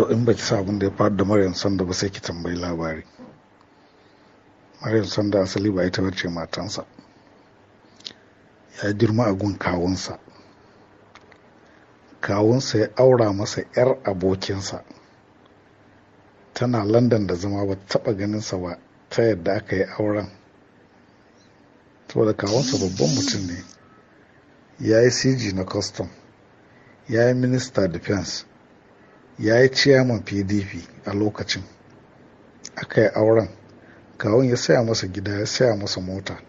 to in baki sa abin da ya faru da maryam sanda ba sai ki tambayi labari maryam sanda asali ba ita bace matansa ya girma a gun kawunsa kawunsa ya aura masa 'yar abokinsa tana london da zama ba taɓa ganinsa ba ta yadda aka yi auren saboda kawunsa babban mutum ne ya yi cg na custom ya yi minista defense ya yi ciyaman pdp a lokacin aka yi auren kawun ya saya masa gida ya saya masa mota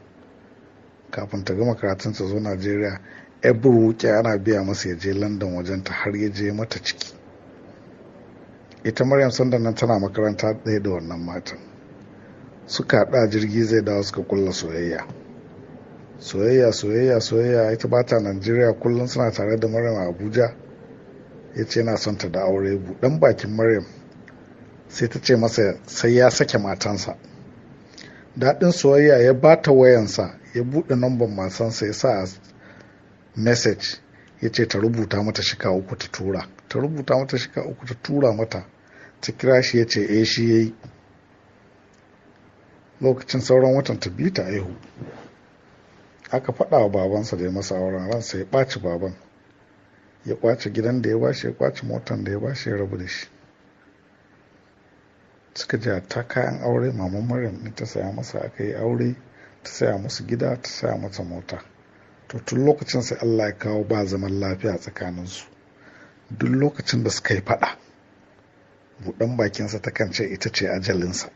kafin ta gama karatun ta zo najeriya ebru wuke ana biya masa ya je london ta har ya je mata ciki ita maryam sanda nan tana makaranta ɗaya da wannan matan suka haɗa jirgi zai dawo suka kulla soyayya soyayya soyayya soyayya ita ba ta najeriya kullum suna tare da maryam a abuja ya ce yana son ta da aure buɗan bakin maryam sai ta ce masa sai ya sake matansa daɗin soyayya ya ba ta wayansa ya buɗe namban masansa ya sa a message ya ce ta rubuta mata shika uku ta tura ta rubuta mata shika uku ta tura mata ta kira shi ya ce eh shi ya yi lokacin sauran watan ta bi ta aihu aka faɗa wa babansa da ya masa auren ransa ya ɓaci baban ya kwace gidan da ya bashi ya kwace motan da ya bashi ya rabu da shi suka ji ta kayan aure maman maryam ne ta saya masa aka yi aure ta saya musu gida ta saya masa mota to tun lokacin sai allah ya kawo ba zaman lafiya tsakanin su duk lokacin da suka yi faɗa buɗan bakinsa ta kance ita ce ajalinsa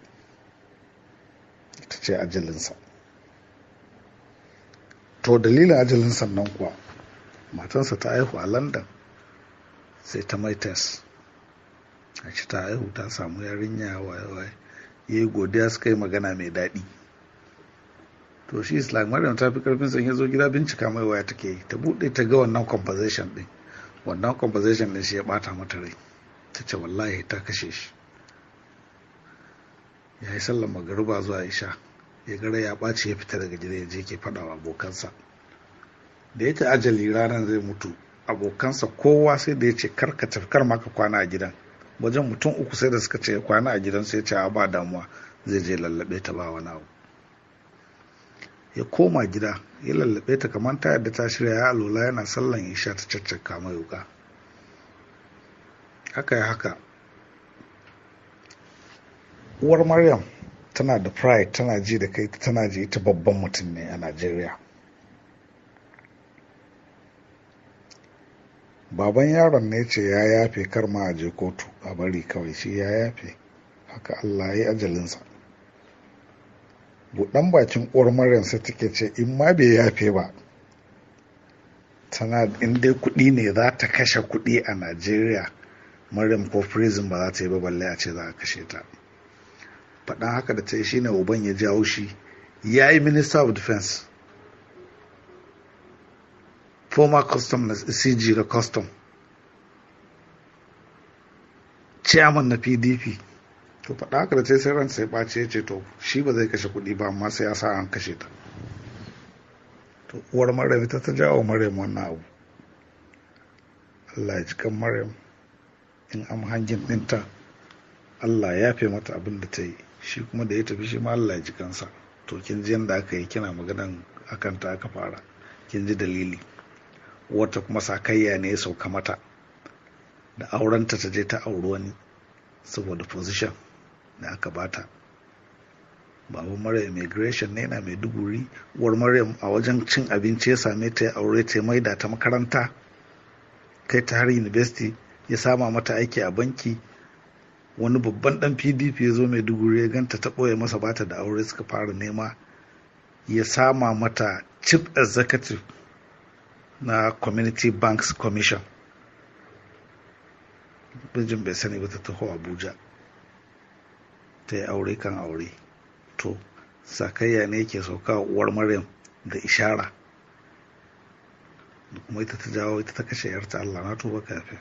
ita ce ajalinsa to dalilin ajalinsa nan kuwa matansa ta haihu a london sai ta mai test a ci ta haihu ta samu yarinya waye ya yi godiya suka yi magana mai daɗi to shi islam maryam ta fi karfin sanya ya zo gida bincika mai waya take yi ta buɗe ta ga wannan composition ɗin wannan composition ɗin shi ya ɓata mata rai ta ce wallahi ta kashe shi ya yi sallan magariba zuwa isha ya gara ya ɓace ya fita daga gida ya je ke faɗawa abokansa da ya yake ajali ranar zai mutu abokansa kowa sai da ya ce karka tafkar maka kwana a gidan wajen mutum uku sai da suka ce kwana a gidan sai ce ba damuwa zai je lallabe ta ba wani abu ya koma gida ya lallabe ta kamar ta yadda ta shirya ya alola yana sallan isha ta caccaka mai wuka haka ya haka uwar maryam tana da pride tana ji da kai tana ji ita babban mutum ne a najeriya baban yaron ne ce ya yafe kar ma a je kotu a bari kawai shi ya yafe haka allah ya yi ajalinsa buɗan bakin uwar maryamsa take ce in ma bai yafe ba tana in dai kuɗi ne za ta kashe kuɗi a najeriya maryam ko prison ba za ta yi ba balle a ce za a kashe ta faɗan haka da ta yi shine uban ya jawo shi ya yi minister of defense former customers cg da custom chairman na pdp to faɗa haka da sai sai ransa ya ɓace ce to shi ba zai kashe kuɗi ba amma sai ya sa an kashe ta to uwar maryam ita ta jawo maryam wannan abu allah ya ji kan maryam in am hangin ɗinta allah ya fi mata abin da ta yi shi kuma da ya tafi shi ma allah ya ji kansa to kin ji yadda aka yi kina maganan akan ta aka fara kin ji dalili wata kuma sakayya ne ya sauka mata da aurenta ta je ta auri wani saboda position da aka bata baban maryam immigration ne na mai duguri uwar maryam a wajen cin abinci ya same ta ya aure ta mai da ta makaranta kai ta har university ya sama mata aiki a banki wani babban dan pdp ya zo mai duguri ya ganta ta ɓoye masa bata da aure suka fara nema ya sama mata chief executive na community banks commission bijin bai sani ba ta taho abuja ta yi aure kan aure to sakayya ne ke sauka uwar maryam da ishara kuma ita ta jawo ita ta kashe yarta allah na tuba kafin